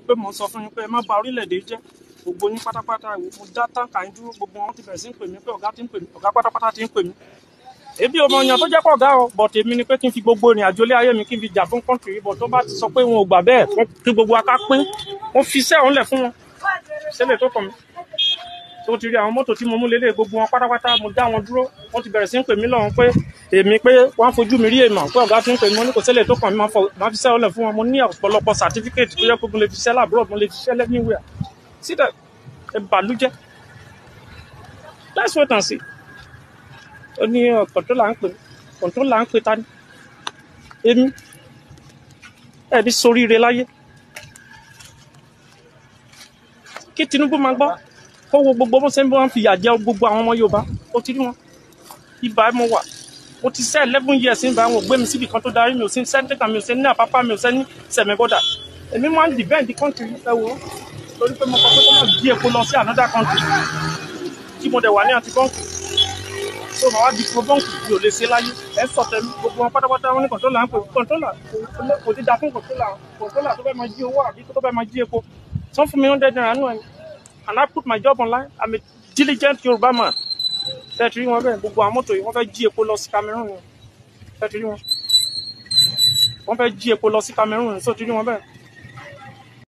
torí pé mo sọ fún yín pé ẹ má bà orílẹ̀-èdè jẹ́ gbogbo yín pátápátá mo dá táǹkà yín dúró gbogbo wọn ti bẹ̀rẹ̀ sí ń pè mí pé ọ̀gá ti ń pè mí ọ̀gá pátápátá ti ń pè mí ebi ọmọ èèyàn tó jẹ́ pọ̀ gá ọ bọ̀ tèmi ni pé kí n fi gbogbo ìrìn àjò ilé ayé mi kí n fi jà fún kọ́ńtì yìí bọ̀ tó bá ti sọ pé wọn ò gbà bẹ́ẹ̀ kí gbogbo aká pín wọn fi iṣẹ́ ọ̀hún lẹ̀ fún wọn ṣẹlẹ̀ tó kàn mí tó ti rí àwọn mọ́tò tí mo mú lélẹ̀ gbogbo wọn pátápátá mo dá wọn dúró wọn ti bẹ̀rẹ̀ sí ń pè mí lọ́hùn pé èmi pé wọ́n fojú mi rí èèmọ̀ pé ọ̀gá tó ń pè mí mo ní kò ṣẹlẹ̀ tó kàn mí máa fi sẹ́wọ́n lẹ̀ fún wọn mo ní ọ̀pọ̀lọpọ̀ certificate tó yẹ kó mo lè fi sẹ́lẹ̀ abroad mo lè fi sẹ́lẹ̀ anywhere sídẹ̀ ẹ bàlújẹ́ let's wait and see ó ní kọ̀ǹtólà oh, ń pè kọ̀ǹtólà ń pè ta ni èmi ẹ̀mí soríire láyé kí Tinubu máa gbọ́ kó wo gbogbo bó ṣe ń bọ́ wọn fìyà jẹ gbogbo àwọn ọmọ Yorùbá ó ti rí wọn ibà mọ wà ó ti ṣe eleven years ń bá wọn mi síbi kan tó darí mi ò sí sẹ́ńtẹ́kà mi ò sí ní àpápá mi ò sẹ́ni sẹ̀mí bọ́dà èmi máa ń defend country ẹ wo torí pé mo kọ pé kó má epo lọ sí another country tí mo dẹ̀ wà ní àti bọ́ǹkì tó máa di pro bọ́ǹkì mi ò lè ṣe láyé ẹ sọ tẹnu gbogbo wọn pátápátá wọn ní kọ̀ńtọ́là ń pè kọ̀ńtọ́là kò ti da fún kọ̀ńtọ́là kọ̀ńtọ́là tó fẹ́ máa jí owó àbí tó fẹ́ máa jí epo I put my job online I'm a diligent Yorùbá man tẹ́tí rí wọn bẹ́ẹ̀ gbogbo àwọn mọ́tò yìí wọ́n fẹ́ jí epo lọ sí Cameroon tẹ́tí rí wọn wọ́n fẹ́ jí epo lọ sí Cameroon sọ́tí rí wọn bẹ́ẹ̀.